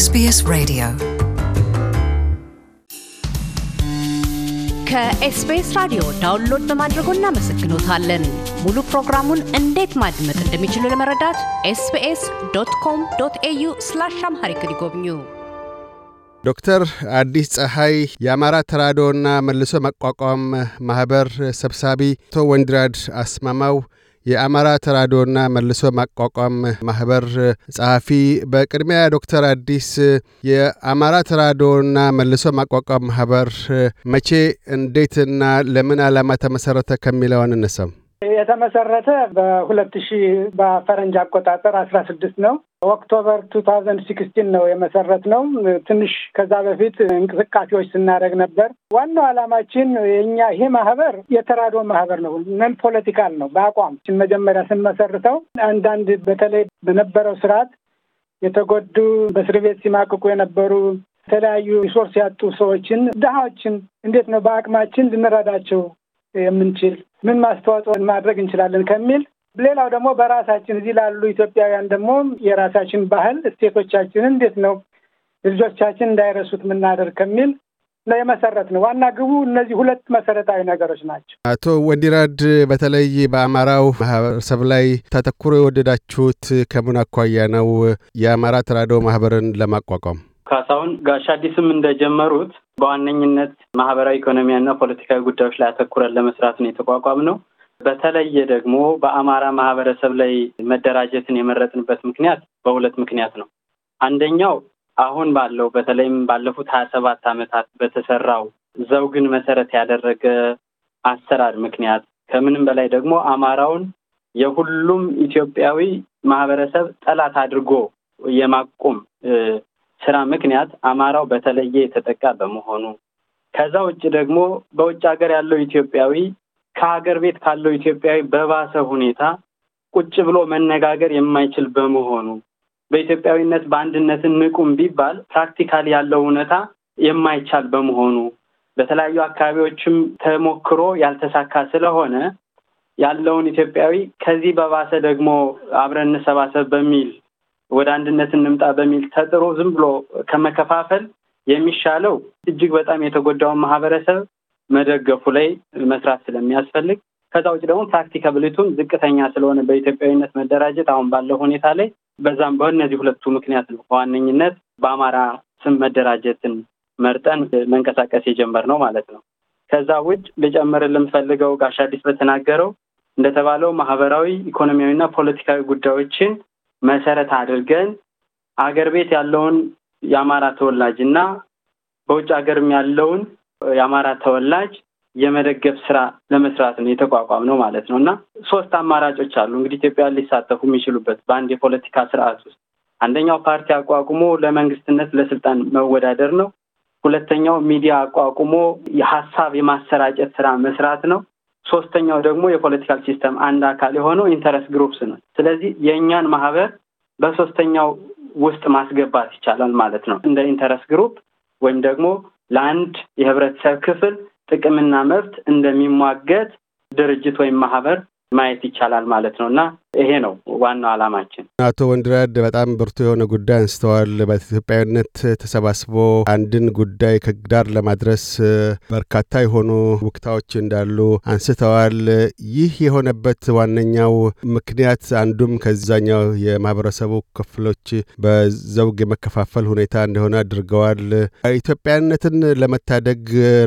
ኤስቢኤስ Radio ከኤስቢኤስ ራዲዮ ዳውንሎድ በማድረጎ እናመሰግኖታለን። ሙሉ ፕሮግራሙን እንዴት ማድመጥ እንደሚችሉ ለመረዳት ኤስቢኤስ ዶት ኮም ዶት ኤዩ ስላሽ አምሃሪክ ይጎብኙ። ዶክተር አዲስ ፀሐይ የአማራ ተራድኦና መልሶ መቋቋም ማህበር ሰብሳቢ፣ አቶ ወንድራድ አስማማው የአማራ ተራድኦና መልሶ ማቋቋም ማህበር ጸሐፊ፣ በቅድሚያ ዶክተር አዲስ የአማራ ተራድኦና መልሶ ማቋቋም ማህበር መቼ እንዴትና ለምን ዓላማ ተመሰረተ ከሚለው አንነሳም? የተመሰረተ በሁለት ሺ በፈረንጅ አቆጣጠር አስራ ስድስት ነው። ኦክቶበር ቱ ታውዘንድ ሲክስቲን ነው የመሰረት ነው። ትንሽ ከዛ በፊት እንቅስቃሴዎች ስናደርግ ነበር። ዋናው ዓላማችን የኛ ይሄ ማህበር የተራድኦ ማህበር ነው። ነን ፖለቲካል ነው በአቋም መጀመሪያ ስንመሰርተው አንዳንድ በተለይ በነበረው ስርዓት የተጎዱ በእስር ቤት ሲማቅቁ የነበሩ የተለያዩ ሪሶርስ ያጡ ሰዎችን፣ ድሃዎችን እንዴት ነው በአቅማችን ልንረዳቸው የምንችል ምን ማስተዋጽኦ ማድረግ እንችላለን ከሚል ሌላው ደግሞ በራሳችን እዚህ ላሉ ኢትዮጵያውያን ደግሞ የራሳችን ባህል እሴቶቻችን እንዴት ነው ልጆቻችን እንዳይረሱት የምናደርግ ከሚል የመሰረት ነው። ዋና ግቡ እነዚህ ሁለት መሰረታዊ ነገሮች ናቸው። አቶ ወንዲራድ በተለይ በአማራው ማህበረሰብ ላይ ተተኩሮ የወደዳችሁት ከምን አኳያ ነው? የአማራ ተራድኦ ማህበርን ለማቋቋም ካሳሁን ጋሻ አዲስም እንደጀመሩት በዋነኝነት ማህበራዊ ኢኮኖሚያና ፖለቲካዊ ጉዳዮች ላይ አተኩረን ለመስራት ነው የተቋቋም ነው። በተለየ ደግሞ በአማራ ማህበረሰብ ላይ መደራጀትን የመረጥንበት ምክንያት በሁለት ምክንያት ነው። አንደኛው አሁን ባለው በተለይም ባለፉት ሀያ ሰባት ዓመታት በተሰራው ዘውግን መሰረት ያደረገ አሰራር ምክንያት ከምንም በላይ ደግሞ አማራውን የሁሉም ኢትዮጵያዊ ማህበረሰብ ጠላት አድርጎ የማቆም ስራ ምክንያት አማራው በተለየ የተጠቃ በመሆኑ ከዛ ውጭ ደግሞ በውጭ ሀገር ያለው ኢትዮጵያዊ ከሀገር ቤት ካለው ኢትዮጵያዊ በባሰ ሁኔታ ቁጭ ብሎ መነጋገር የማይችል በመሆኑ በኢትዮጵያዊነት በአንድነትን ንቁም ቢባል ፕራክቲካል ያለው እውነታ የማይቻል በመሆኑ በተለያዩ አካባቢዎችም ተሞክሮ ያልተሳካ ስለሆነ ያለውን ኢትዮጵያዊ ከዚህ በባሰ ደግሞ አብረን እንሰባሰብ በሚል ወደ አንድነት እንምጣ በሚል ተጥሮ ዝም ብሎ ከመከፋፈል የሚሻለው እጅግ በጣም የተጎዳውን ማህበረሰብ መደገፉ ላይ መስራት ስለሚያስፈልግ ከዛ ውጭ ደግሞ ፕራክቲካብሊቱም ዝቅተኛ ስለሆነ በኢትዮጵያዊነት መደራጀት አሁን ባለው ሁኔታ ላይ በዛም በእነዚህ ሁለቱ ምክንያት ነው በዋነኝነት በአማራ ስም መደራጀትን መርጠን መንቀሳቀስ ነው ማለት ነው። ከዛ ውጭ ልጨምር ልምፈልገው ጋሽ አዲስ በተናገረው እንደተባለው ማህበራዊ ኢኮኖሚያዊና ፖለቲካዊ ጉዳዮችን መሰረት አድርገን አገር ቤት ያለውን የአማራ ተወላጅ እና በውጭ ሀገርም ያለውን የአማራ ተወላጅ የመደገፍ ስራ ለመስራት ነው የተቋቋም ነው ማለት ነው። እና ሶስት አማራጮች አሉ እንግዲህ ኢትዮጵያ ሊሳተፉ የሚችሉበት በአንድ የፖለቲካ ስርዓት ውስጥ አንደኛው ፓርቲ አቋቁሞ ለመንግስትነት ለስልጣን መወዳደር ነው። ሁለተኛው ሚዲያ አቋቁሞ የሀሳብ የማሰራጨት ስራ መስራት ነው። ሶስተኛው ደግሞ የፖለቲካል ሲስተም አንድ አካል የሆነው ኢንተረስት ግሩፕስ ነው። ስለዚህ የእኛን ማህበር በሶስተኛው ውስጥ ማስገባት ይቻላል ማለት ነው። እንደ ኢንተረስት ግሩፕ ወይም ደግሞ ለአንድ የህብረተሰብ ክፍል ጥቅምና መብት እንደሚሟገት ድርጅት ወይም ማህበር ማየት ይቻላል ማለት ነው እና ይሄ ነው ዋናው አላማችን አቶ ወንድራድ በጣም ብርቱ የሆነ ጉዳይ አንስተዋል። በኢትዮጵያዊነት ተሰባስቦ አንድን ጉዳይ ከዳር ለማድረስ በርካታ የሆኑ ውክታዎች እንዳሉ አንስተዋል። ይህ የሆነበት ዋነኛው ምክንያት አንዱም ከዛኛው የማህበረሰቡ ክፍሎች በዘውግ የመከፋፈል ሁኔታ እንደሆነ አድርገዋል። ኢትዮጵያዊነትን ለመታደግ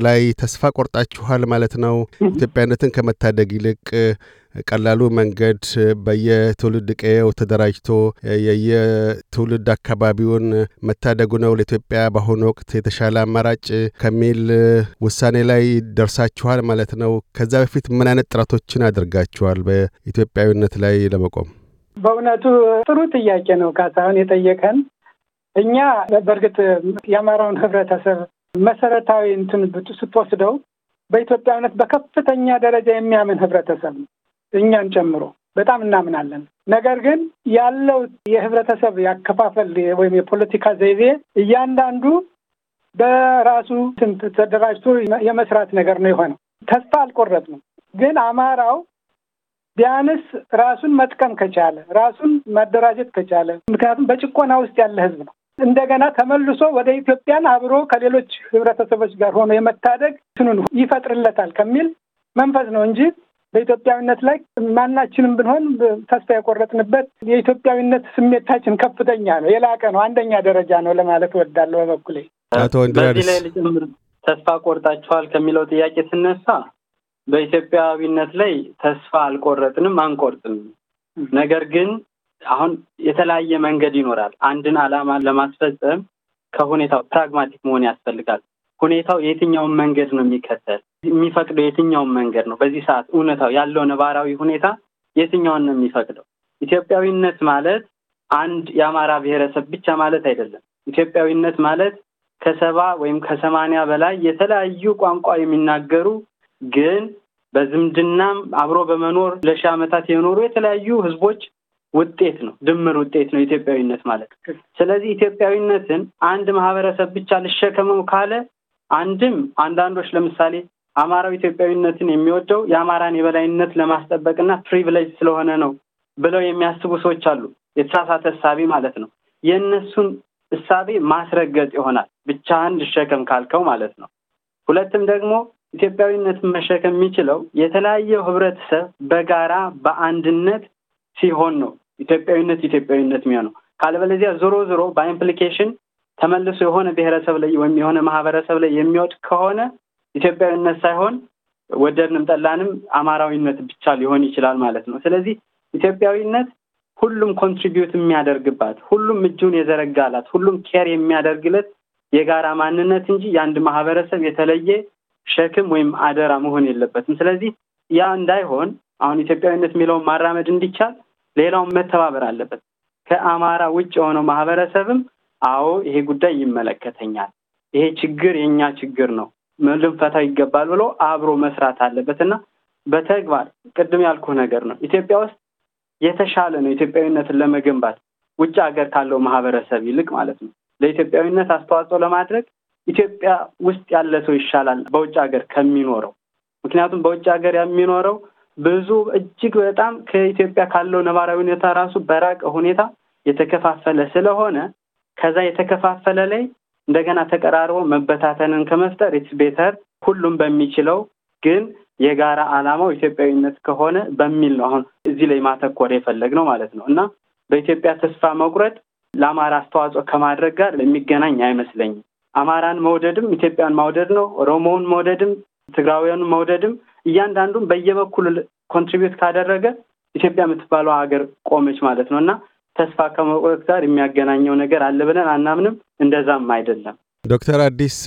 ላይ ተስፋ ቆርጣችኋል ማለት ነው። ኢትዮጵያዊነትን ከመታደግ ይልቅ ቀላሉ መንገድ በየትውልድ ቀየው ተደራጅቶ የየትውልድ አካባቢውን መታደጉ ነው ለኢትዮጵያ በአሁኑ ወቅት የተሻለ አማራጭ ከሚል ውሳኔ ላይ ደርሳችኋል ማለት ነው። ከዛ በፊት ምን አይነት ጥረቶችን አድርጋችኋል በኢትዮጵያዊነት ላይ ለመቆም? በእውነቱ ጥሩ ጥያቄ ነው ካሳሁን የጠየቀን። እኛ በእርግጥ የአማራውን ህብረተሰብ መሰረታዊ እንትን ስትወስደው በኢትዮጵያዊነት በከፍተኛ ደረጃ የሚያምን ህብረተሰብ ነው። እኛን ጨምሮ በጣም እናምናለን። ነገር ግን ያለው የህብረተሰብ ያከፋፈል ወይም የፖለቲካ ዘይቤ እያንዳንዱ በራሱ ተደራጅቶ የመስራት ነገር ነው የሆነው። ተስፋ አልቆረጥንም። ግን አማራው ቢያንስ ራሱን መጥቀም ከቻለ ራሱን ማደራጀት ከቻለ፣ ምክንያቱም በጭቆና ውስጥ ያለ ህዝብ ነው። እንደገና ተመልሶ ወደ ኢትዮጵያን አብሮ ከሌሎች ህብረተሰቦች ጋር ሆኖ የመታደግ ትኑን ይፈጥርለታል ከሚል መንፈስ ነው እንጂ በኢትዮጵያዊነት ላይ ማናችንም ብንሆን ተስፋ የቆረጥንበት የኢትዮጵያዊነት ስሜታችን ከፍተኛ ነው፣ የላቀ ነው፣ አንደኛ ደረጃ ነው ለማለት እወዳለሁ በበኩሌ። አቶ ወንድራርስ ተስፋ ቆርጣችኋል ከሚለው ጥያቄ ስነሳ በኢትዮጵያዊነት ላይ ተስፋ አልቆረጥንም፣ አንቆርጥም። ነገር ግን አሁን የተለያየ መንገድ ይኖራል። አንድን ዓላማ ለማስፈጸም ከሁኔታው ፕራግማቲክ መሆን ያስፈልጋል። ሁኔታው የትኛውን መንገድ ነው የሚከተል የሚፈቅደው የትኛውን መንገድ ነው? በዚህ ሰዓት እውነታው ያለው ነባራዊ ሁኔታ የትኛውን ነው የሚፈቅደው? ኢትዮጵያዊነት ማለት አንድ የአማራ ብሔረሰብ ብቻ ማለት አይደለም። ኢትዮጵያዊነት ማለት ከሰባ ወይም ከሰማንያ በላይ የተለያዩ ቋንቋ የሚናገሩ ግን በዝምድናም አብሮ በመኖር ለሺህ ዓመታት የኖሩ የተለያዩ ህዝቦች ውጤት ነው፣ ድምር ውጤት ነው ኢትዮጵያዊነት ማለት። ስለዚህ ኢትዮጵያዊነትን አንድ ማህበረሰብ ብቻ ልሸከመው ካለ አንድም አንዳንዶች ለምሳሌ አማራው ኢትዮጵያዊነትን የሚወደው የአማራን የበላይነት ለማስጠበቅና ፕሪቪሌጅ ስለሆነ ነው ብለው የሚያስቡ ሰዎች አሉ። የተሳሳተ እሳቤ ማለት ነው። የእነሱን እሳቤ ማስረገጥ ይሆናል ብቻህን ልሸከም ካልከው ማለት ነው። ሁለትም ደግሞ ኢትዮጵያዊነትን መሸከም የሚችለው የተለያየ ህብረተሰብ በጋራ በአንድነት ሲሆን ነው ኢትዮጵያዊነት ኢትዮጵያዊነት የሚሆነው። ካለበለዚያ ዞሮ ዞሮ በኢምፕሊኬሽን ተመልሶ የሆነ ብሔረሰብ ላይ ወይም የሆነ ማህበረሰብ ላይ የሚወድ ከሆነ ኢትዮጵያዊነት ሳይሆን ወደድንም ጠላንም አማራዊነት ብቻ ሊሆን ይችላል ማለት ነው። ስለዚህ ኢትዮጵያዊነት ሁሉም ኮንትሪቢዩት የሚያደርግባት፣ ሁሉም እጁን የዘረጋላት፣ ሁሉም ኬር የሚያደርግለት የጋራ ማንነት እንጂ የአንድ ማህበረሰብ የተለየ ሸክም ወይም አደራ መሆን የለበትም። ስለዚህ ያ እንዳይሆን አሁን ኢትዮጵያዊነት የሚለውን ማራመድ እንዲቻል ሌላውን መተባበር አለበት። ከአማራ ውጭ የሆነው ማህበረሰብም አዎ ይሄ ጉዳይ ይመለከተኛል፣ ይሄ ችግር የእኛ ችግር ነው ልንፈታ ይገባል ብሎ አብሮ መስራት አለበት እና በተግባር ቅድም ያልኩ ነገር ነው። ኢትዮጵያ ውስጥ የተሻለ ነው ኢትዮጵያዊነትን ለመገንባት ውጭ ሀገር ካለው ማህበረሰብ ይልቅ ማለት ነው። ለኢትዮጵያዊነት አስተዋጽኦ ለማድረግ ኢትዮጵያ ውስጥ ያለ ሰው ይሻላል በውጭ ሀገር ከሚኖረው። ምክንያቱም በውጭ ሀገር የሚኖረው ብዙ እጅግ በጣም ከኢትዮጵያ ካለው ነባራዊ ሁኔታ ራሱ በራቀ ሁኔታ የተከፋፈለ ስለሆነ ከዛ የተከፋፈለ ላይ እንደገና ተቀራርቦ መበታተንን ከመፍጠር ኢትስ ቤተር ሁሉም በሚችለው ግን የጋራ ዓላማው ኢትዮጵያዊነት ከሆነ በሚል ነው አሁን እዚህ ላይ ማተኮር የፈለግ ነው ማለት ነው እና በኢትዮጵያ ተስፋ መቁረጥ ለአማራ አስተዋጽኦ ከማድረግ ጋር የሚገናኝ አይመስለኝም። አማራን መውደድም ኢትዮጵያን ማውደድ ነው። ኦሮሞውን መውደድም ትግራዊያኑን መውደድም እያንዳንዱም በየበኩሉ ኮንትሪቢዩት ካደረገ ኢትዮጵያ የምትባለው ሀገር ቆመች ማለት ነው እና ተስፋ ከመቁረጥ ጋር የሚያገናኘው ነገር አለ ብለን አናምንም። እንደዛም አይደለም። ዶክተር አዲስ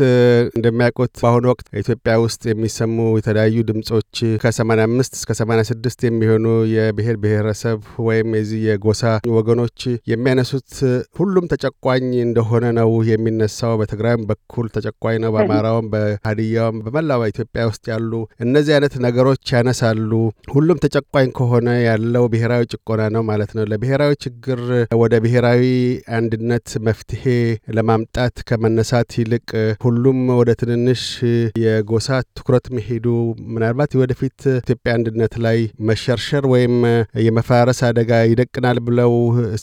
እንደሚያውቁት በአሁኑ ወቅት ኢትዮጵያ ውስጥ የሚሰሙ የተለያዩ ድምጾች ከ አምስት እስከ 86 ስድስት የሚሆኑ የብሔር ብሔረሰብ ወይም የዚህ የጎሳ ወገኖች የሚያነሱት ሁሉም ተጨቋኝ እንደሆነ ነው የሚነሳው። በትግራይም በኩል ተጨቋኝ ነው፣ በአማራውም፣ በሀዲያውም በመላው ኢትዮጵያ ውስጥ ያሉ እነዚህ አይነት ነገሮች ያነሳሉ። ሁሉም ተጨቋኝ ከሆነ ያለው ብሔራዊ ጭቆና ነው ማለት ነው። ለብሔራዊ ችግር ወደ ብሔራዊ አንድነት መፍትሄ ለማምጣት ከመነሳት ከማብዛት ይልቅ ሁሉም ወደ ትንንሽ የጎሳ ትኩረት መሄዱ ምናልባት ወደፊት ኢትዮጵያ አንድነት ላይ መሸርሸር ወይም የመፈራረስ አደጋ ይደቅናል ብለው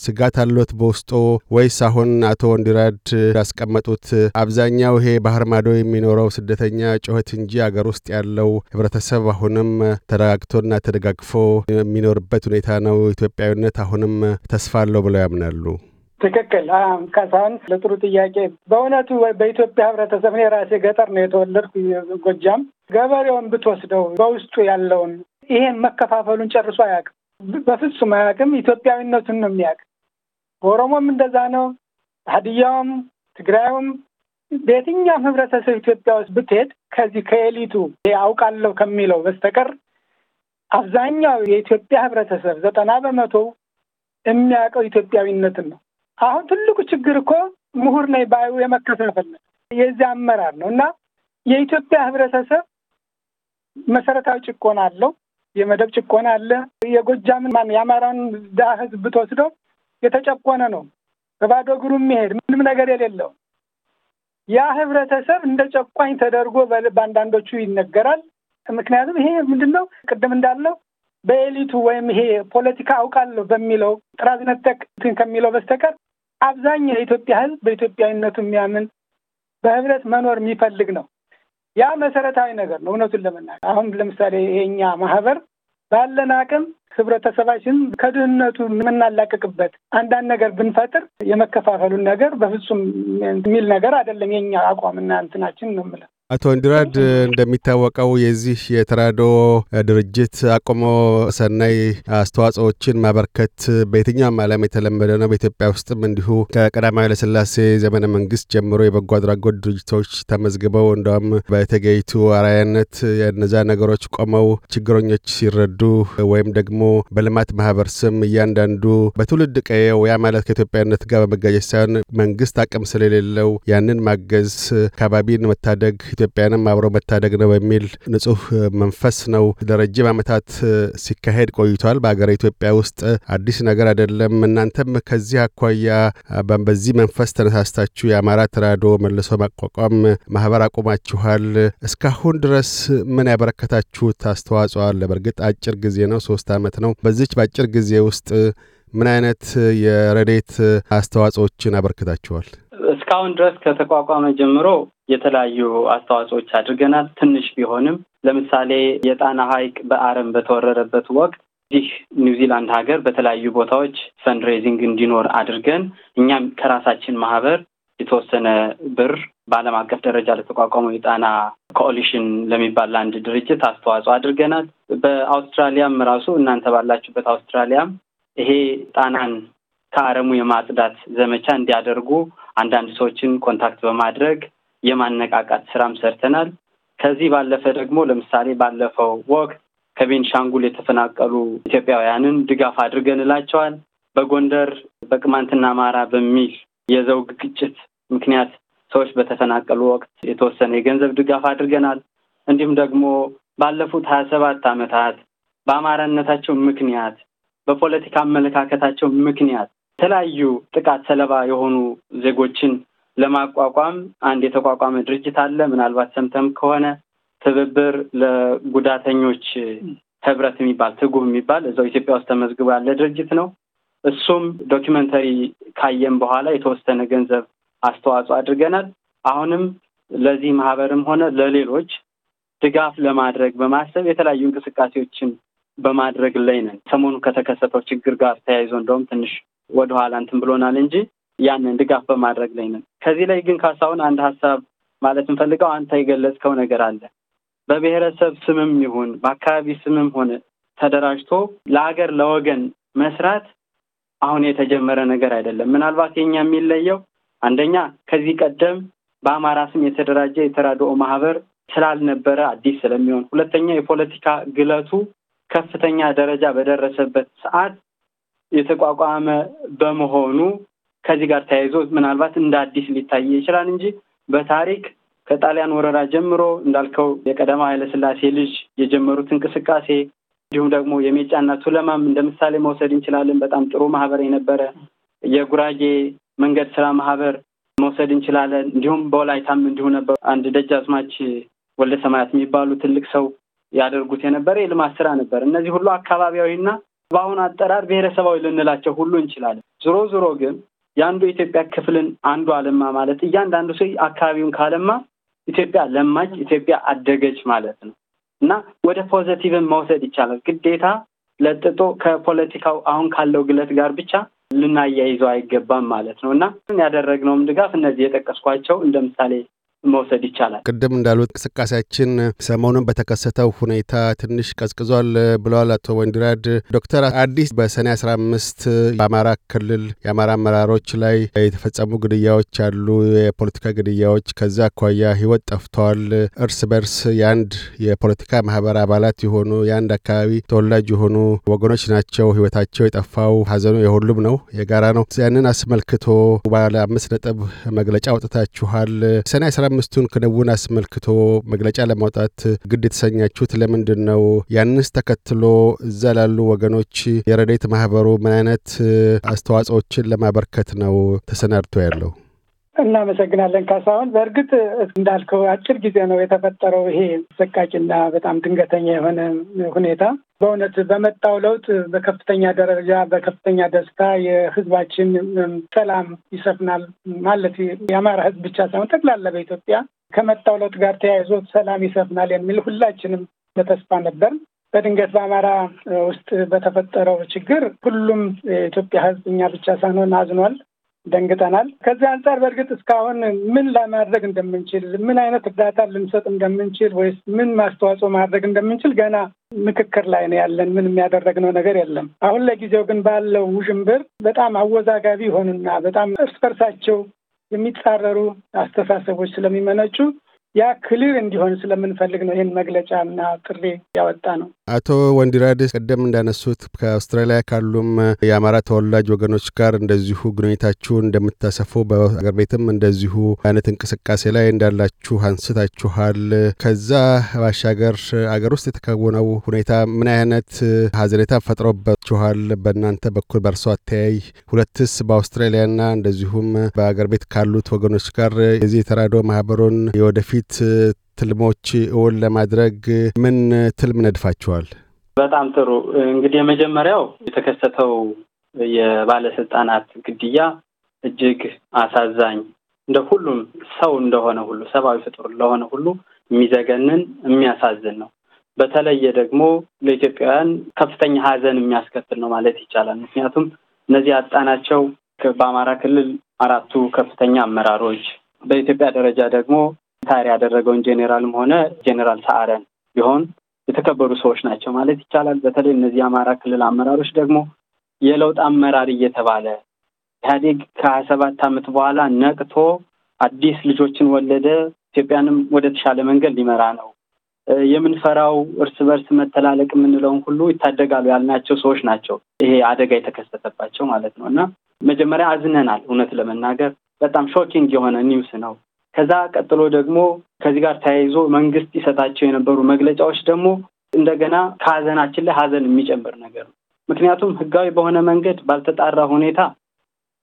ስጋት አሎት በውስጡ ወይስ አሁን አቶ ወንዲራድ ያስቀመጡት አብዛኛው ይሄ ባህር ማዶ የሚኖረው ስደተኛ ጩኸት እንጂ አገር ውስጥ ያለው ህብረተሰብ አሁንም ተረጋግቶና ተደጋግፎ የሚኖርበት ሁኔታ ነው፣ ኢትዮጵያዊነት አሁንም ተስፋ አለው ብለው ያምናሉ? ትክክል ከሳን ለጥሩ ጥያቄ። በእውነቱ በኢትዮጵያ ህብረተሰብ እኔ ራሴ ገጠር ነው የተወለድኩ ጎጃም። ገበሬውን ብትወስደው በውስጡ ያለውን ይሄን መከፋፈሉን ጨርሶ አያውቅም፣ በፍጹም አያውቅም። ኢትዮጵያዊነቱን ነው የሚያውቅ። ኦሮሞም እንደዛ ነው፣ ሀዲያውም፣ ትግራዩም በየትኛም ህብረተሰብ ኢትዮጵያ ውስጥ ብትሄድ ከዚህ ከኤሊቱ አውቃለሁ ከሚለው በስተቀር አብዛኛው የኢትዮጵያ ህብረተሰብ ዘጠና በመቶ የሚያውቀው ኢትዮጵያዊነትን ነው። አሁን ትልቁ ችግር እኮ ምሁር ላይ ባዩ የመከፋፈል የዚህ አመራር ነው እና የኢትዮጵያ ህብረተሰብ መሰረታዊ ጭቆና አለው። የመደብ ጭቆና አለ። የጎጃምን ማን የአማራን ዳ ህዝብ ብትወስደው የተጨቆነ ነው። በባዶ እግሩ የሚሄድ ምንም ነገር የሌለው ያ ህብረተሰብ እንደ ጨቋኝ ተደርጎ በአንዳንዶቹ ይነገራል። ምክንያቱም ይሄ ምንድን ነው ቅድም እንዳለው በኤሊቱ ወይም ይሄ ፖለቲካ አውቃለሁ በሚለው ጥራዝ ነጠቅ ከሚለው በስተቀር አብዛኛው የኢትዮጵያ ህዝብ በኢትዮጵያዊነቱ የሚያምን በህብረት መኖር የሚፈልግ ነው። ያ መሰረታዊ ነገር ነው። እውነቱን ለመናገር አሁን ለምሳሌ ይሄኛ ማህበር ባለን አቅም ህብረተሰባችን ከድህነቱ የምናላቀቅበት አንዳንድ ነገር ብንፈጥር የመከፋፈሉን ነገር በፍጹም የሚል ነገር አይደለም። የኛ አቋምና እንትናችን ነው የምለው አቶ እንዲራድ እንደሚታወቀው የዚህ የተራዶ ድርጅት አቁሞ ሰናይ አስተዋጽኦዎችን ማበርከት በየትኛውም ዓለም የተለመደ ነው። በኢትዮጵያ ውስጥም እንዲሁ ከቀዳማዊ ኃይለሥላሴ ዘመነ መንግስት ጀምሮ የበጎ አድራጎት ድርጅቶች ተመዝግበው እንደውም በተገይቱ አራያነት የነዛ ነገሮች ቆመው ችግረኞች ሲረዱ ወይም ደግሞ በልማት ማህበር ስም እያንዳንዱ በትውልድ ቀየው ያ ማለት ከኢትዮጵያዊነት ጋር በመጋጀት ሳይሆን መንግስት አቅም ስለሌለው ያንን ማገዝ አካባቢን መታደግ ኢትዮጵያንም አብሮ መታደግ ነው በሚል ንጹህ መንፈስ ነው ለረጅም ዓመታት ሲካሄድ ቆይቷል። በሀገር ኢትዮጵያ ውስጥ አዲስ ነገር አይደለም። እናንተም ከዚህ አኳያ በዚህ መንፈስ ተነሳስታችሁ የአማራ ተራድኦ መልሶ ማቋቋም ማህበር አቁማችኋል። እስካሁን ድረስ ምን ያበረከታችሁት አስተዋጽኦ አለ? በእርግጥ አጭር ጊዜ ነው፣ ሶስት ዓመት ነው። በዚች በአጭር ጊዜ ውስጥ ምን አይነት የረዴት አስተዋጽኦችን አበርክታችኋል? እስካሁን ድረስ ከተቋቋመ ጀምሮ የተለያዩ አስተዋጽኦች አድርገናል። ትንሽ ቢሆንም ለምሳሌ የጣና ሐይቅ በአረም በተወረረበት ወቅት እዚህ ኒውዚላንድ ሀገር በተለያዩ ቦታዎች ፈንድሬዚንግ እንዲኖር አድርገን እኛም ከራሳችን ማህበር የተወሰነ ብር በዓለም አቀፍ ደረጃ ለተቋቋመው የጣና ኮኦሊሽን ለሚባል ለአንድ ድርጅት አስተዋጽኦ አድርገናል። በአውስትራሊያም ራሱ እናንተ ባላችሁበት አውስትራሊያም ይሄ ጣናን ከአረሙ የማጽዳት ዘመቻ እንዲያደርጉ አንዳንድ ሰዎችን ኮንታክት በማድረግ የማነቃቃት ስራም ሰርተናል። ከዚህ ባለፈ ደግሞ ለምሳሌ ባለፈው ወቅት ከቤንሻንጉል የተፈናቀሉ ኢትዮጵያውያንን ድጋፍ አድርገንላቸዋል። በጎንደር በቅማንትና አማራ በሚል የዘውግ ግጭት ምክንያት ሰዎች በተፈናቀሉ ወቅት የተወሰነ የገንዘብ ድጋፍ አድርገናል። እንዲሁም ደግሞ ባለፉት ሀያ ሰባት ዓመታት በአማራነታቸው ምክንያት በፖለቲካ አመለካከታቸው ምክንያት የተለያዩ ጥቃት ሰለባ የሆኑ ዜጎችን ለማቋቋም አንድ የተቋቋመ ድርጅት አለ። ምናልባት ሰምተም ከሆነ ትብብር ለጉዳተኞች ህብረት የሚባል ትጉህ የሚባል እዛው ኢትዮጵያ ውስጥ ተመዝግቦ ያለ ድርጅት ነው። እሱም ዶኪመንተሪ ካየም በኋላ የተወሰነ ገንዘብ አስተዋጽኦ አድርገናል። አሁንም ለዚህ ማህበርም ሆነ ለሌሎች ድጋፍ ለማድረግ በማሰብ የተለያዩ እንቅስቃሴዎችን በማድረግ ላይ ነን። ሰሞኑ ከተከሰተው ችግር ጋር ተያይዞ እንደውም ትንሽ ወደኋላ እንትን ብሎናል እንጂ ያንን ድጋፍ በማድረግ ላይ ነን። ከዚህ ላይ ግን ካሳሁን አንድ ሀሳብ ማለት እንፈልገው አንተ የገለጽከው ነገር አለ። በብሔረሰብ ስምም ይሁን በአካባቢ ስምም ሆነ ተደራጅቶ ለሀገር ለወገን መስራት አሁን የተጀመረ ነገር አይደለም። ምናልባት የኛ የሚለየው አንደኛ ከዚህ ቀደም በአማራ ስም የተደራጀ የተራድኦ ማህበር ስላልነበረ አዲስ ስለሚሆን፣ ሁለተኛ የፖለቲካ ግለቱ ከፍተኛ ደረጃ በደረሰበት ሰዓት የተቋቋመ በመሆኑ ከዚህ ጋር ተያይዞ ምናልባት እንደ አዲስ ሊታይ ይችላል እንጂ በታሪክ ከጣሊያን ወረራ ጀምሮ እንዳልከው የቀደማ ኃይለስላሴ ልጅ የጀመሩት እንቅስቃሴ እንዲሁም ደግሞ የሜጫና ቱለማም እንደ ምሳሌ መውሰድ እንችላለን። በጣም ጥሩ ማህበር የነበረ የጉራጌ መንገድ ስራ ማህበር መውሰድ እንችላለን። እንዲሁም በወላይታም እንዲሁ ነበር። አንድ ደጃዝማች ወልደ ሰማያት የሚባሉ ትልቅ ሰው ያደርጉት የነበረ የልማት ስራ ነበር። እነዚህ ሁሉ አካባቢያዊና በአሁን አጠራር ብሔረሰባዊ ልንላቸው ሁሉ እንችላለን። ዞሮ ዞሮ ግን የአንዱ የኢትዮጵያ ክፍልን አንዱ አለማ ማለት እያንዳንዱ ሰው አካባቢውን ካለማ ኢትዮጵያ ለማች፣ ኢትዮጵያ አደገች ማለት ነው እና ወደ ፖዘቲቭን መውሰድ ይቻላል። ግዴታ ለጥጦ ከፖለቲካው አሁን ካለው ግለት ጋር ብቻ ልናያይዘው አይገባም ማለት ነው እና ያደረግነውም ድጋፍ እነዚህ የጠቀስኳቸው እንደ ምሳሌ መውሰድ ይቻላል። ቅድም እንዳሉት እንቅስቃሴያችን ሰሞኑን በተከሰተው ሁኔታ ትንሽ ቀዝቅዟል ብለዋል አቶ ወንዲራድ። ዶክተር አዲስ በሰኔ አስራ አምስት በአማራ ክልል የአማራ አመራሮች ላይ የተፈጸሙ ግድያዎች አሉ፣ የፖለቲካ ግድያዎች። ከዛ አኳያ ህይወት ጠፍተዋል። እርስ በርስ የአንድ የፖለቲካ ማህበር አባላት የሆኑ የአንድ አካባቢ ተወላጅ የሆኑ ወገኖች ናቸው ህይወታቸው የጠፋው። ሀዘኑ የሁሉም ነው፣ የጋራ ነው። ያንን አስመልክቶ ባለ አምስት ነጥብ መግለጫ አውጥታችኋል ሰኔ አምስቱን ክንውን አስመልክቶ መግለጫ ለማውጣት ግድ የተሰኛችሁት ለምንድን ነው? ያንስ ተከትሎ እዛ ላሉ ወገኖች የረዴት ማህበሩ ምን አይነት አስተዋጽኦችን ለማበርከት ነው ተሰናድቶ ያለው? እናመሰግናለን ካሳሁን። በእርግጥ እንዳልከው አጭር ጊዜ ነው የተፈጠረው ይሄ አሰቃቂና በጣም ድንገተኛ የሆነ ሁኔታ። በእውነት በመጣው ለውጥ በከፍተኛ ደረጃ በከፍተኛ ደስታ የህዝባችን ሰላም ይሰፍናል ማለት የአማራ ህዝብ ብቻ ሳይሆን ጠቅላላ በኢትዮጵያ ከመጣው ለውጥ ጋር ተያይዞ ሰላም ይሰፍናል የሚል ሁላችንም በተስፋ ነበር። በድንገት በአማራ ውስጥ በተፈጠረው ችግር ሁሉም የኢትዮጵያ ህዝብ እኛ ብቻ ሳንሆን አዝኗል። ደንግጠናል። ከዚህ አንጻር በእርግጥ እስካሁን ምን ለማድረግ እንደምንችል፣ ምን አይነት እርዳታ ልንሰጥ እንደምንችል፣ ወይስ ምን ማስተዋጽኦ ማድረግ እንደምንችል ገና ምክክር ላይ ነው ያለን። ምን የሚያደረግነው ነገር የለም። አሁን ለጊዜው ግን ባለው ውዥንብር በጣም አወዛጋቢ የሆኑና በጣም እርስ በርሳቸው የሚጻረሩ አስተሳሰቦች ስለሚመነጩ ያ ክልል እንዲሆን ስለምንፈልግ ነው ይህን መግለጫና ጥሪ ያወጣ ነው። አቶ ወንዲራድ ቀደም እንዳነሱት ከአውስትራሊያ ካሉም የአማራ ተወላጅ ወገኖች ጋር እንደዚሁ ግንኙነታችሁን እንደምታሰፉ በአገር ቤትም እንደዚሁ አይነት እንቅስቃሴ ላይ እንዳላችሁ አንስታችኋል። ከዛ ባሻገር አገር ውስጥ የተከወነው ሁኔታ ምን አይነት ሀዘኔታ ፈጥሮበት ችኋል በእናንተ በኩል በእርሶ አተያይ ሁለትስ በአውስትራሊያና እንደዚሁም በአገር ቤት ካሉት ወገኖች ጋር የዚህ የተራድኦ ማህበሩን የወደፊት ትልሞች እውን ለማድረግ ምን ትልም ነድፋችኋል? በጣም ጥሩ። እንግዲህ የመጀመሪያው የተከሰተው የባለስልጣናት ግድያ እጅግ አሳዛኝ እንደ ሁሉም ሰው እንደሆነ ሁሉ ሰብአዊ ፍጡር ለሆነ ሁሉ የሚዘገንን የሚያሳዝን ነው። በተለየ ደግሞ ለኢትዮጵያውያን ከፍተኛ ሀዘን የሚያስከትል ነው ማለት ይቻላል። ምክንያቱም እነዚህ ያጣናቸው በአማራ ክልል አራቱ ከፍተኛ አመራሮች በኢትዮጵያ ደረጃ ደግሞ ታሪ ያደረገውን ጄኔራልም ሆነ ጄኔራል ሰዓረን ቢሆን የተከበሩ ሰዎች ናቸው ማለት ይቻላል። በተለይ እነዚህ የአማራ ክልል አመራሮች ደግሞ የለውጥ አመራር እየተባለ ኢህአዴግ ከሀያ ሰባት ዓመት በኋላ ነቅቶ አዲስ ልጆችን ወለደ፣ ኢትዮጵያንም ወደ ተሻለ መንገድ ሊመራ ነው የምንፈራው እርስ በርስ መተላለቅ የምንለውን ሁሉ ይታደጋሉ ያልናቸው ሰዎች ናቸው። ይሄ አደጋ የተከሰተባቸው ማለት ነው። እና መጀመሪያ አዝነናል። እውነት ለመናገር በጣም ሾኪንግ የሆነ ኒውስ ነው። ከዛ ቀጥሎ ደግሞ ከዚህ ጋር ተያይዞ መንግስት ይሰጣቸው የነበሩ መግለጫዎች ደግሞ እንደገና ከሀዘናችን ላይ ሀዘን የሚጨምር ነገር ነው። ምክንያቱም ህጋዊ በሆነ መንገድ ባልተጣራ ሁኔታ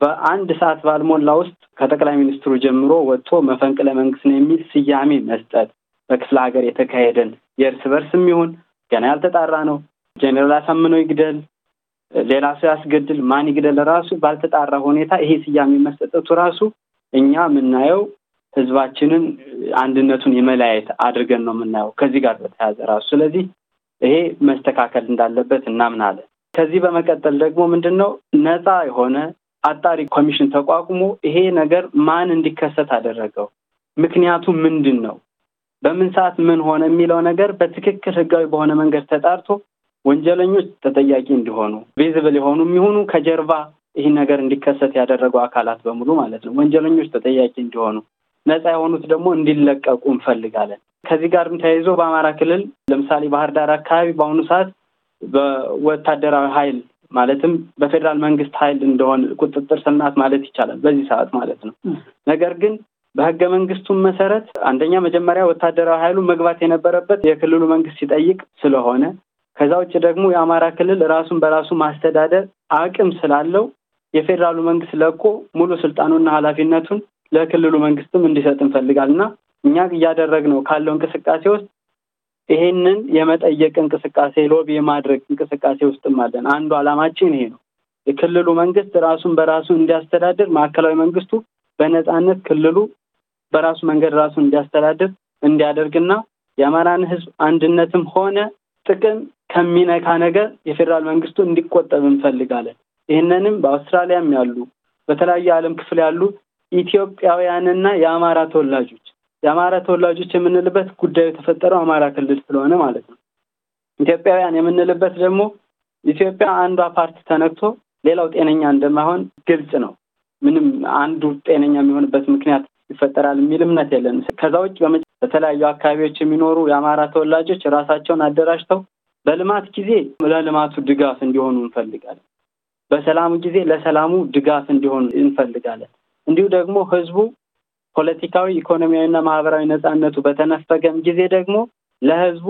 በአንድ ሰዓት ባልሞላ ውስጥ ከጠቅላይ ሚኒስትሩ ጀምሮ ወጥቶ መፈንቅለ መንግስት ነው የሚል ስያሜ መስጠት በክፍለ ሀገር የተካሄደን የእርስ በርስም ይሁን ገና ያልተጣራ ነው። ጄኔራል አሳምነው ይግደል፣ ሌላ ሰው ያስገድል፣ ማን ይግደል ራሱ ባልተጣራ ሁኔታ ይሄ ስያሜ መሰጠቱ ራሱ እኛ የምናየው ህዝባችንን አንድነቱን የመለያየት አድርገን ነው የምናየው ከዚህ ጋር በተያያዘ ራሱ። ስለዚህ ይሄ መስተካከል እንዳለበት እናምናለን። ከዚህ በመቀጠል ደግሞ ምንድን ነው ነፃ የሆነ አጣሪ ኮሚሽን ተቋቁሞ ይሄ ነገር ማን እንዲከሰት አደረገው፣ ምክንያቱ ምንድን ነው በምን ሰዓት ምን ሆነ የሚለው ነገር በትክክል ህጋዊ በሆነ መንገድ ተጣርቶ ወንጀለኞች ተጠያቂ እንዲሆኑ ቪዝብል የሆኑ የሚሆኑ ከጀርባ ይህን ነገር እንዲከሰት ያደረጉ አካላት በሙሉ ማለት ነው ወንጀለኞች ተጠያቂ እንዲሆኑ ነፃ የሆኑት ደግሞ እንዲለቀቁ እንፈልጋለን። ከዚህ ጋርም ተያይዞ በአማራ ክልል ለምሳሌ ባህር ዳር አካባቢ በአሁኑ ሰዓት በወታደራዊ ኃይል ማለትም በፌዴራል መንግስት ኃይል እንደሆነ ቁጥጥር ስናት ማለት ይቻላል በዚህ ሰዓት ማለት ነው። ነገር ግን በህገ መንግስቱም መሰረት አንደኛ መጀመሪያ ወታደራዊ ኃይሉ መግባት የነበረበት የክልሉ መንግስት ሲጠይቅ ስለሆነ ከዛ ውጭ ደግሞ የአማራ ክልል ራሱን በራሱ ማስተዳደር አቅም ስላለው የፌዴራሉ መንግስት ለቆ ሙሉ ስልጣኑና ኃላፊነቱን ለክልሉ መንግስትም እንዲሰጥ እንፈልጋል እና እኛ እያደረግነው ካለው እንቅስቃሴ ውስጥ ይሄንን የመጠየቅ እንቅስቃሴ፣ ሎቢ የማድረግ እንቅስቃሴ ውስጥም አለን። አንዱ አላማችን ይሄ ነው። የክልሉ መንግስት ራሱን በራሱ እንዲያስተዳድር ማዕከላዊ መንግስቱ በነፃነት ክልሉ በራሱ መንገድ ራሱን እንዲያስተዳድር እንዲያደርግና የአማራን ህዝብ አንድነትም ሆነ ጥቅም ከሚነካ ነገር የፌዴራል መንግስቱ እንዲቆጠብ እንፈልጋለን። ይህንንም በአውስትራሊያም ያሉ በተለያየ ዓለም ክፍል ያሉ ኢትዮጵያውያንና የአማራ ተወላጆች የአማራ ተወላጆች የምንልበት ጉዳዩ የተፈጠረው አማራ ክልል ስለሆነ ማለት ነው። ኢትዮጵያውያን የምንልበት ደግሞ ኢትዮጵያ አንዷ ፓርቲ ተነክቶ ሌላው ጤነኛ እንደማይሆን ግልጽ ነው። ምንም አንዱ ጤነኛ የሚሆንበት ምክንያት ይፈጠራል የሚል እምነት የለን። ከዛ ውጭ በተለያዩ አካባቢዎች የሚኖሩ የአማራ ተወላጆች ራሳቸውን አደራጅተው በልማት ጊዜ ለልማቱ ድጋፍ እንዲሆኑ እንፈልጋለን። በሰላሙ ጊዜ ለሰላሙ ድጋፍ እንዲሆኑ እንፈልጋለን። እንዲሁ ደግሞ ህዝቡ ፖለቲካዊ፣ ኢኮኖሚያዊና ማህበራዊ ነፃነቱ በተነፈገም ጊዜ ደግሞ ለህዝቡ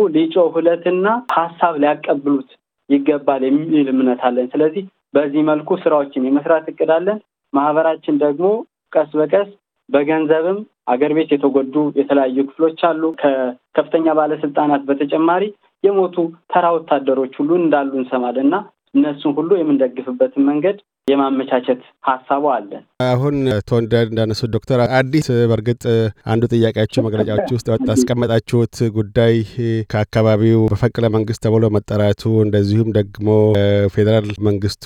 ሁለትና ሀሳብ ሊያቀብሉት ይገባል የሚል እምነት አለን። ስለዚህ በዚህ መልኩ ስራዎችን የመስራት እቅዳለን። ማህበራችን ደግሞ ቀስ በቀስ በገንዘብም አገር ቤት የተጎዱ የተለያዩ ክፍሎች አሉ። ከከፍተኛ ባለስልጣናት በተጨማሪ የሞቱ ተራ ወታደሮች ሁሉ እንዳሉ እንሰማለን እና እነሱን ሁሉ የምንደግፍበትን መንገድ የማመቻቸት ሀሳቡ አለ። አሁን አቶ እንዳነሱ እንዳነሱት ዶክተር አዲስ በእርግጥ አንዱ ጥያቄያቸው መግለጫዎች ውስጥ ያስቀመጣችሁት ጉዳይ ከአካባቢው መፈንቅለ መንግስት ተብሎ መጠራቱ፣ እንደዚሁም ደግሞ ፌዴራል መንግስቱ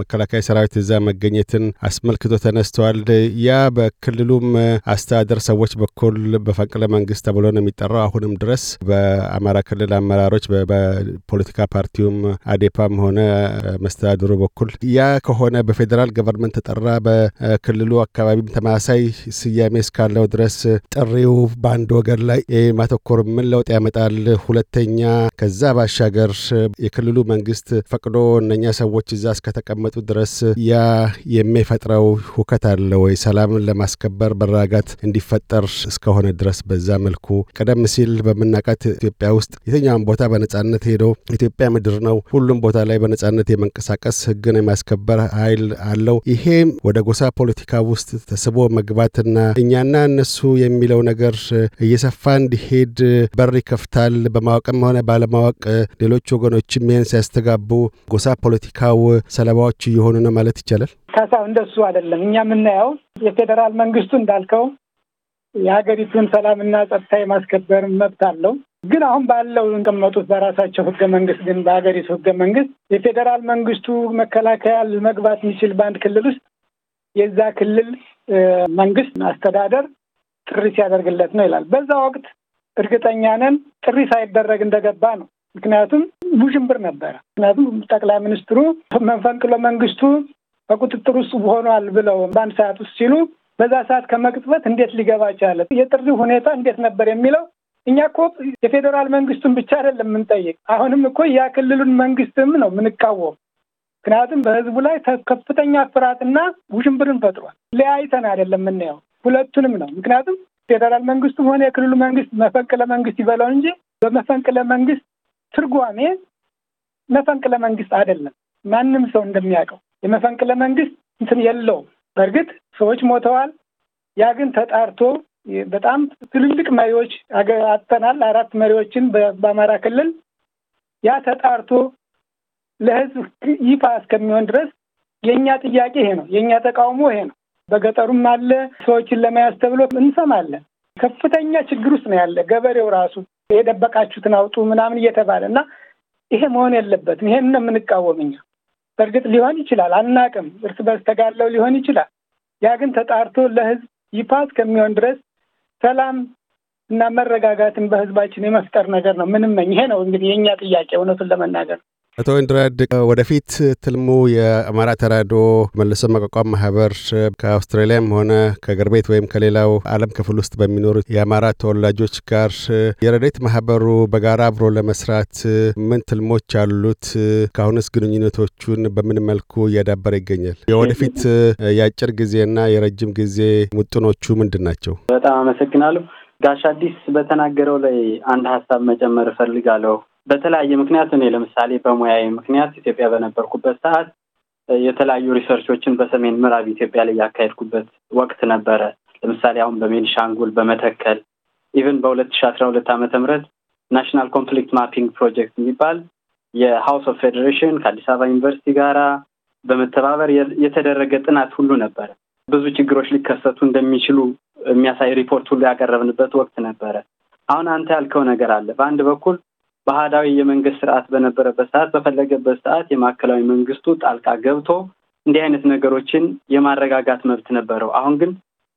መከላከያ ሰራዊት እዛ መገኘትን አስመልክቶ ተነስተዋል። ያ በክልሉም አስተዳደር ሰዎች በኩል መፈንቅለ መንግስት ተብሎ ነው የሚጠራው። አሁንም ድረስ በአማራ ክልል አመራሮች በፖለቲካ ፓርቲውም አዴፓም ሆነ መስተዳድሩ በኩል ያ ከሆነ የሆነ በፌዴራል ገቨርንመንት ተጠራ፣ በክልሉ አካባቢም ተመሳሳይ ስያሜ እስካለው ድረስ ጥሪው በአንድ ወገን ላይ ማተኮር ምን ለውጥ ያመጣል? ሁለተኛ ከዛ ባሻገር የክልሉ መንግስት ፈቅዶ እነኛ ሰዎች እዛ እስከተቀመጡ ድረስ ያ የሚፈጥረው ሁከት አለ ወይ? ሰላምን ለማስከበር መረጋጋት እንዲፈጠር እስከሆነ ድረስ በዛ መልኩ ቀደም ሲል በምናውቃት ኢትዮጵያ ውስጥ የትኛውን ቦታ በነጻነት ሄደው ኢትዮጵያ ምድር ነው ሁሉም ቦታ ላይ በነጻነት የመንቀሳቀስ ህግን የማስከበር ኃይል አለው። ይሄ ወደ ጎሳ ፖለቲካ ውስጥ ተስቦ መግባትና እኛና እነሱ የሚለው ነገር እየሰፋ እንዲሄድ በር ይከፍታል። በማወቅም ሆነ ባለማወቅ ሌሎች ወገኖችም ይህን ሲያስተጋቡ ጎሳ ፖለቲካው ሰለባዎች እየሆኑ ነው ማለት ይቻላል። ካሳ እንደሱ አይደለም። እኛ የምናየው የፌዴራል መንግስቱ እንዳልከው የሀገሪቱን ሰላምና ጸጥታ የማስከበር መብት አለው። ግን አሁን ባለው የቀመጡት በራሳቸው ህገ መንግስት ግን በሀገሪቱ ህገ መንግስት የፌዴራል መንግስቱ መከላከያ መግባት የሚችል በአንድ ክልል ውስጥ የዛ ክልል መንግስት አስተዳደር ጥሪ ሲያደርግለት ነው ይላል። በዛ ወቅት እርግጠኛ ነን ጥሪ ሳይደረግ እንደገባ ነው። ምክንያቱም ውዥንብር ነበረ። ምክንያቱም ጠቅላይ ሚኒስትሩ መፈንቅለ መንግስቱ በቁጥጥር ውስጥ ሆኗል ብለው በአንድ ሰዓት ውስጥ ሲሉ በዛ ሰዓት ከመቅጽበት እንዴት ሊገባ ቻለ? የጥሪ ሁኔታ እንዴት ነበር የሚለው እኛ እኮ የፌዴራል መንግስቱን ብቻ አይደለም የምንጠይቅ፣ አሁንም እኮ የክልሉን መንግስትም ነው የምንቃወም። ምክንያቱም በህዝቡ ላይ ከፍተኛ ፍርሃትና ውሽንብርን ፈጥሯል። ለያይተን አይደለም የምናየው፣ ሁለቱንም ነው። ምክንያቱም ፌዴራል መንግስቱም ሆነ የክልሉ መንግስት መፈንቅለ መንግስት ይበለው እንጂ በመፈንቅለ መንግስት ትርጓሜ መፈንቅለ መንግስት አይደለም። ማንም ሰው እንደሚያውቀው የመፈንቅለ መንግስት እንትን የለውም። በእርግጥ ሰዎች ሞተዋል። ያ ግን ተጣርቶ በጣም ትልልቅ መሪዎች አጥተናል። አራት መሪዎችን በአማራ ክልል ያ ተጣርቶ ለህዝብ ይፋ እስከሚሆን ድረስ የእኛ ጥያቄ ይሄ ነው፣ የእኛ ተቃውሞ ይሄ ነው። በገጠሩም አለ ሰዎችን ለመያዝ ተብሎ እንሰማለን። ከፍተኛ ችግር ውስጥ ነው ያለ ገበሬው ራሱ የደበቃችሁትን አውጡ ምናምን እየተባለ እና ይሄ መሆን የለበትም። ይሄን ነው የምንቃወም እኛ። በእርግጥ ሊሆን ይችላል አናቅም፣ እርስ በርስ ተጋለው ሊሆን ይችላል። ያ ግን ተጣርቶ ለህዝብ ይፋ እስከሚሆን ድረስ ሰላም እና መረጋጋትን በህዝባችን የመፍጠር ነገር ነው ምንም ነኝ ይሄ ነው እንግዲህ የእኛ ጥያቄ እውነቱን ለመናገር አቶ ወንድራድ ወደፊት ትልሙ የአማራ ተራዶ መልሶ መቋቋም ማህበር ከአውስትራሊያም ሆነ ከእግር ቤት ወይም ከሌላው ዓለም ክፍል ውስጥ በሚኖሩ የአማራ ተወላጆች ጋር የረዴት ማህበሩ በጋራ አብሮ ለመስራት ምን ትልሞች አሉት? ከአሁንስ ግንኙነቶቹን በምን መልኩ እያዳበረ ይገኛል? የወደፊት የአጭር ጊዜና የረጅም ጊዜ ሙጥኖቹ ምንድን ናቸው? በጣም አመሰግናለሁ። ጋሽ አዲስ በተናገረው ላይ አንድ ሀሳብ መጨመር እፈልጋለሁ። በተለያየ ምክንያት እኔ ለምሳሌ በሙያዊ ምክንያት ኢትዮጵያ በነበርኩበት ሰዓት የተለያዩ ሪሰርቾችን በሰሜን ምዕራብ ኢትዮጵያ ላይ ያካሄድኩበት ወቅት ነበረ። ለምሳሌ አሁን በሜንሻንጉል በመተከል ኢቨን በሁለት ሺ አስራ ሁለት ዓመተ ምህረት ናሽናል ኮንፍሊክት ማፒንግ ፕሮጀክት የሚባል የሀውስ ኦፍ ፌዴሬሽን ከአዲስ አበባ ዩኒቨርሲቲ ጋራ በመተባበር የተደረገ ጥናት ሁሉ ነበረ። ብዙ ችግሮች ሊከሰቱ እንደሚችሉ የሚያሳይ ሪፖርት ሁሉ ያቀረብንበት ወቅት ነበረ። አሁን አንተ ያልከው ነገር አለ። በአንድ በኩል ባህላዊ የመንግስት ስርዓት በነበረበት ሰዓት በፈለገበት ሰዓት የማዕከላዊ መንግስቱ ጣልቃ ገብቶ እንዲህ አይነት ነገሮችን የማረጋጋት መብት ነበረው። አሁን ግን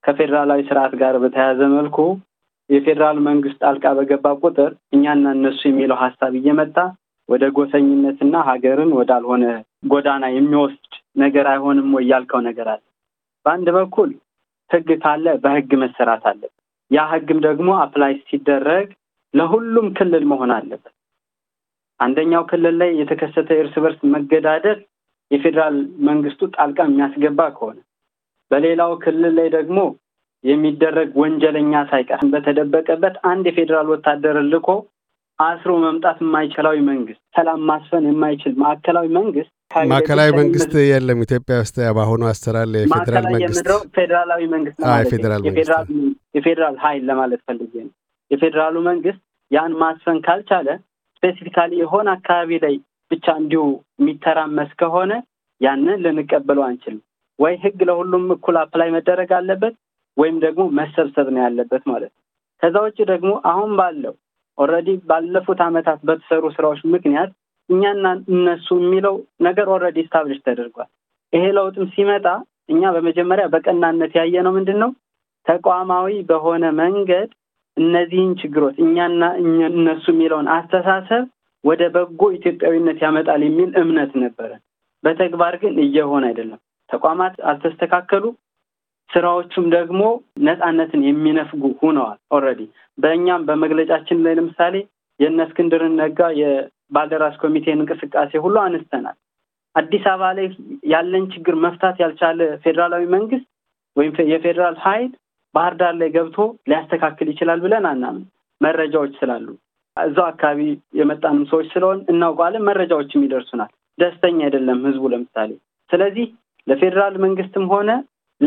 ከፌዴራላዊ ስርዓት ጋር በተያያዘ መልኩ የፌዴራል መንግስት ጣልቃ በገባ ቁጥር እኛና እነሱ የሚለው ሀሳብ እየመጣ ወደ ጎሰኝነትና ሀገርን ወዳልሆነ ጎዳና የሚወስድ ነገር አይሆንም ወይ ያልከው ነገር አለ። በአንድ በኩል ህግ ካለ በህግ መሰራት አለ። ያ ህግም ደግሞ አፕላይ ሲደረግ ለሁሉም ክልል መሆን አለበት። አንደኛው ክልል ላይ የተከሰተ እርስ በርስ መገዳደል የፌዴራል መንግስቱ ጣልቃ የሚያስገባ ከሆነ በሌላው ክልል ላይ ደግሞ የሚደረግ ወንጀለኛ ሳይቀር በተደበቀበት አንድ የፌዴራል ወታደር ልኮ አስሮ መምጣት የማይችላዊ መንግስት፣ ሰላም ማስፈን የማይችል ማዕከላዊ መንግስት ማዕከላዊ መንግስት የለም ኢትዮጵያ ውስጥ በአሁኑ አሰራር የፌዴራል መንግስት ፌዴራላዊ መንግስት የፌዴራል ሀይል ለማለት ፈልጌ ነው። የፌዴራሉ መንግስት ያን ማስፈን ካልቻለ ስፔሲፊካሊ የሆነ አካባቢ ላይ ብቻ እንዲሁ የሚተራመስ ከሆነ ያንን ልንቀበለው አንችልም። ወይ ህግ ለሁሉም እኩል አፕላይ መደረግ አለበት ወይም ደግሞ መሰብሰብ ነው ያለበት ማለት ነው። ከዛ ውጭ ደግሞ አሁን ባለው ኦረዲ ባለፉት አመታት በተሰሩ ስራዎች ምክንያት እኛና እነሱ የሚለው ነገር ኦረዲ ስታብሊሽ ተደርጓል። ይሄ ለውጥም ሲመጣ እኛ በመጀመሪያ በቀናነት ያየ ነው ምንድን ነው ተቋማዊ በሆነ መንገድ እነዚህን ችግሮች እኛና እነሱ የሚለውን አስተሳሰብ ወደ በጎ ኢትዮጵያዊነት ያመጣል የሚል እምነት ነበረ። በተግባር ግን እየሆነ አይደለም። ተቋማት አልተስተካከሉ፣ ስራዎቹም ደግሞ ነፃነትን የሚነፍጉ ሆነዋል። ኦልሬዲ በእኛም በመግለጫችን ላይ ለምሳሌ የእነ እስክንድርን ነጋ የባልደራስ ኮሚቴን እንቅስቃሴ ሁሉ አነስተናል። አዲስ አበባ ላይ ያለን ችግር መፍታት ያልቻለ ፌዴራላዊ መንግስት ወይም የፌዴራል ኃይል ባህር ዳር ላይ ገብቶ ሊያስተካክል ይችላል ብለን አናምን። መረጃዎች ስላሉ እዛው አካባቢ የመጣንም ሰዎች ስለሆን እናውቀዋለን። መረጃዎችም ይደርሱናል። ደስተኛ አይደለም ህዝቡ ለምሳሌ። ስለዚህ ለፌዴራል መንግስትም ሆነ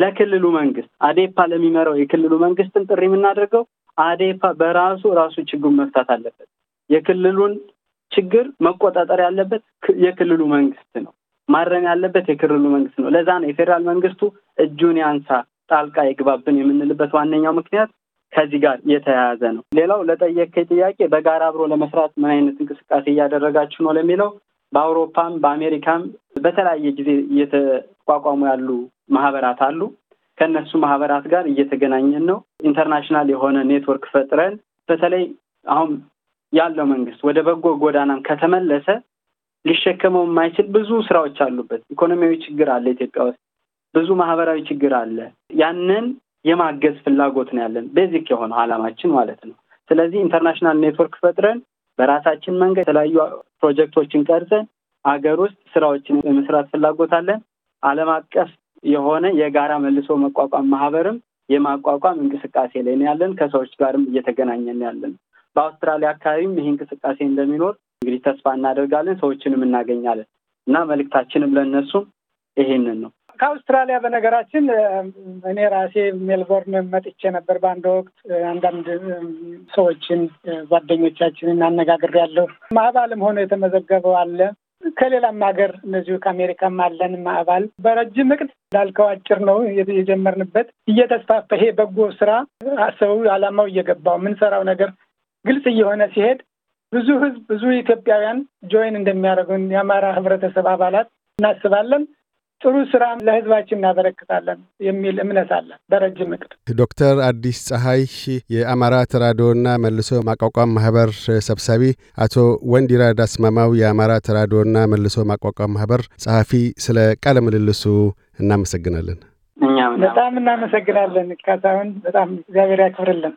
ለክልሉ መንግስት አዴፓ ለሚመራው የክልሉ መንግስትን ጥሪ የምናደርገው አዴፓ በራሱ ራሱ ችግሩን መፍታት አለበት። የክልሉን ችግር መቆጣጠር ያለበት የክልሉ መንግስት ነው። ማረም ያለበት የክልሉ መንግስት ነው። ለዛ ነው የፌዴራል መንግስቱ እጁን ያንሳ ጣልቃ ይግባብን የምንልበት ዋነኛው ምክንያት ከዚህ ጋር የተያያዘ ነው። ሌላው ለጠየከኝ ጥያቄ በጋራ አብሮ ለመስራት ምን አይነት እንቅስቃሴ እያደረጋችሁ ነው ለሚለው በአውሮፓም በአሜሪካም በተለያየ ጊዜ እየተቋቋሙ ያሉ ማህበራት አሉ። ከእነሱ ማህበራት ጋር እየተገናኘን ነው። ኢንተርናሽናል የሆነ ኔትወርክ ፈጥረን በተለይ አሁን ያለው መንግስት ወደ በጎ ጎዳናም ከተመለሰ ሊሸከመው የማይችል ብዙ ስራዎች አሉበት። ኢኮኖሚያዊ ችግር አለ ኢትዮጵያ ውስጥ። ብዙ ማህበራዊ ችግር አለ። ያንን የማገዝ ፍላጎት ነው ያለን ቤዚክ የሆነ አላማችን ማለት ነው። ስለዚህ ኢንተርናሽናል ኔትወርክ ፈጥረን በራሳችን መንገድ የተለያዩ ፕሮጀክቶችን ቀርጸን አገር ውስጥ ስራዎችን የመስራት ፍላጎት አለን። ዓለም አቀፍ የሆነ የጋራ መልሶ መቋቋም ማህበርም የማቋቋም እንቅስቃሴ ላይ ያለን። ከሰዎች ጋርም እየተገናኘን ያለን። በአውስትራሊያ አካባቢም ይህ እንቅስቃሴ እንደሚኖር እንግዲህ ተስፋ እናደርጋለን። ሰዎችንም እናገኛለን እና መልእክታችንም ለእነሱም ይሄንን ነው። ከአውስትራሊያ በነገራችን እኔ ራሴ ሜልቦርን መጥቼ ነበር በአንድ ወቅት። አንዳንድ ሰዎችን ጓደኞቻችንን አነጋግር ያለው ማዕባልም ሆኖ የተመዘገበው አለ። ከሌላም ሀገር እነዚሁ ከአሜሪካም አለን ማዕባል። በረጅም እቅድ እንዳልከው አጭር ነው የጀመርንበት። እየተስፋፋ ይሄ በጎ ስራ ሰው አላማው እየገባው የምንሰራው ነገር ግልጽ እየሆነ ሲሄድ ብዙ ህዝብ ብዙ ኢትዮጵያውያን ጆይን እንደሚያደርጉን የአማራ ህብረተሰብ አባላት እናስባለን። ጥሩ ስራ ለህዝባችን እናበረክታለን የሚል እምነት አለን። በረጅም እቅድ ዶክተር አዲስ ፀሐይ የአማራ ተራድኦና መልሶ ማቋቋም ማህበር ሰብሳቢ፣ አቶ ወንዲራ ዳስማማው የአማራ ተራድኦና መልሶ ማቋቋም ማህበር ጸሐፊ፣ ስለ ቃለ ምልልሱ እናመሰግናለን። በጣም እናመሰግናለን ካሳሁን። በጣም እግዚአብሔር ያክብርልን።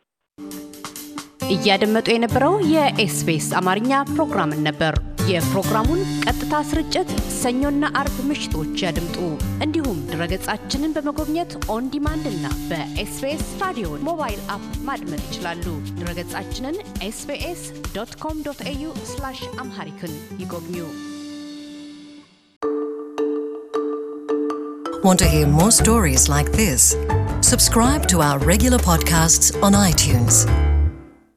እያደመጡ የነበረው የኤስቢኤስ አማርኛ ፕሮግራምን ነበር። የፕሮግራሙን ቀጥታ ስርጭት ሰኞና አርብ ምሽቶች ያድምጡ። እንዲሁም ድረገጻችንን በመጎብኘት ኦን ዲማንድ እና በኤስቤስ ራዲዮ ሞባይል አፕ ማድመጥ ይችላሉ። ድረገጻችንን ኤስቤስ ዶት ኮም ዶት ኤዩ አምሃሪክን ይጎብኙ። Want to hear more stories like this? Subscribe to our regular podcasts on iTunes.